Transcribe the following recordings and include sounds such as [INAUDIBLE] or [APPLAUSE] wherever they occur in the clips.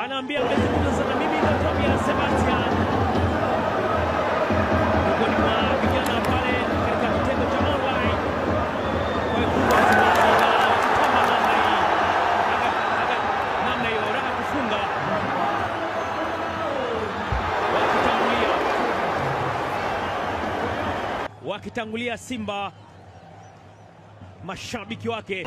anaambia amezungumza na mimi na Tobias Sebastian pale katika wakitangulia Simba mashabiki wake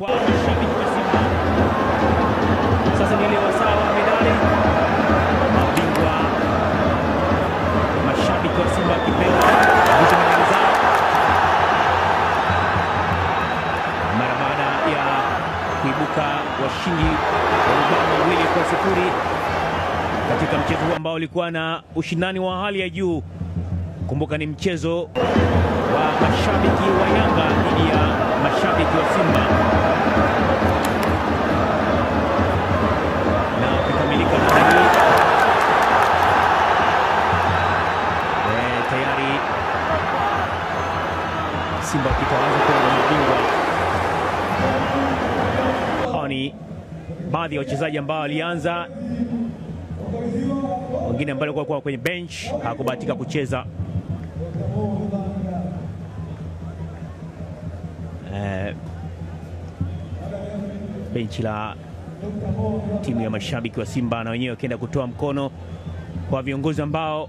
kwao, mashabiki wa simba sasa, ni wasaa wa medali mabingwa, mashabiki wa Simba kipewa mara baada ya kuibuka washindi wa mabao mawili kwa sifuri katika mchezo huu ambao ulikuwa na ushindani wa hali ya juu. Kumbuka ni mchezo wa mashabiki wa Yanga dhidi ya mashabiki wa Simba. Na eh, tayari Simba wakitangaza kuwa Ni baadhi ya wachezaji ambao walianza, wengine ambao walikuwa kwenye bench hakubahatika kucheza. eh, benchi la timu ya mashabiki wa Simba na wenyewe wakienda kutoa mkono kwa viongozi ambao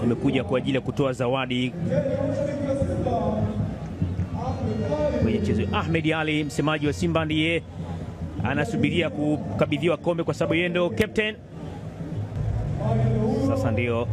wamekuja kwa ajili ya kutoa zawadi kwenye mchezo. Ahmed Ali, msemaji wa Simba, ndiye anasubiria kukabidhiwa kombe kwa sababu yeye ndio captain. Sasa ndio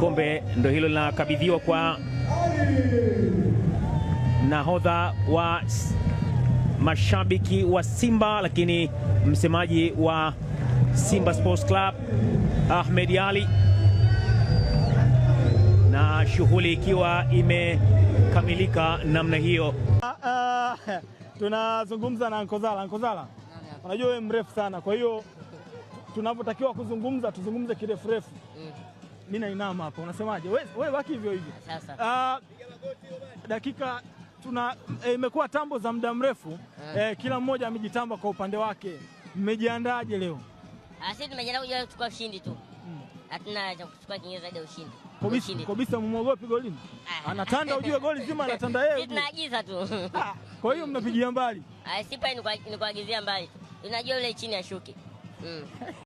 kombe ndo hilo linakabidhiwa kwa nahodha wa mashabiki wa Simba, lakini msemaji wa Simba Sports Club Ahmed Ali, na shughuli ikiwa imekamilika namna hiyo. Uh, tunazungumza na Nkozala. Nkozala, unajua wewe mrefu sana, kwa hiyo tunapotakiwa kuzungumza tuzungumze kirefurefu. Mm mimi nainama hapa, unasemaje wewe? Wewe baki hivyo hivyo. Sasa uh, ah, dakika tuna eh, imekuwa eh, tambo za muda mrefu eh. eh, kila mmoja amejitamba kwa upande wake, mmejiandaje leo? Ah, sisi tumejiandaa kuja kuchukua ushindi tu, hmm. hatuna cha kuchukua kingine zaidi ya ushindi. Kobisa mumwogopi golini, ah. anatanda [LAUGHS] ujue, goli zima anatanda yeye. Tunaagiza tu kwa hiyo mnapigia mbali. Sipa ni kuagizia mbali, unajua yule chini ashuke. [LAUGHS]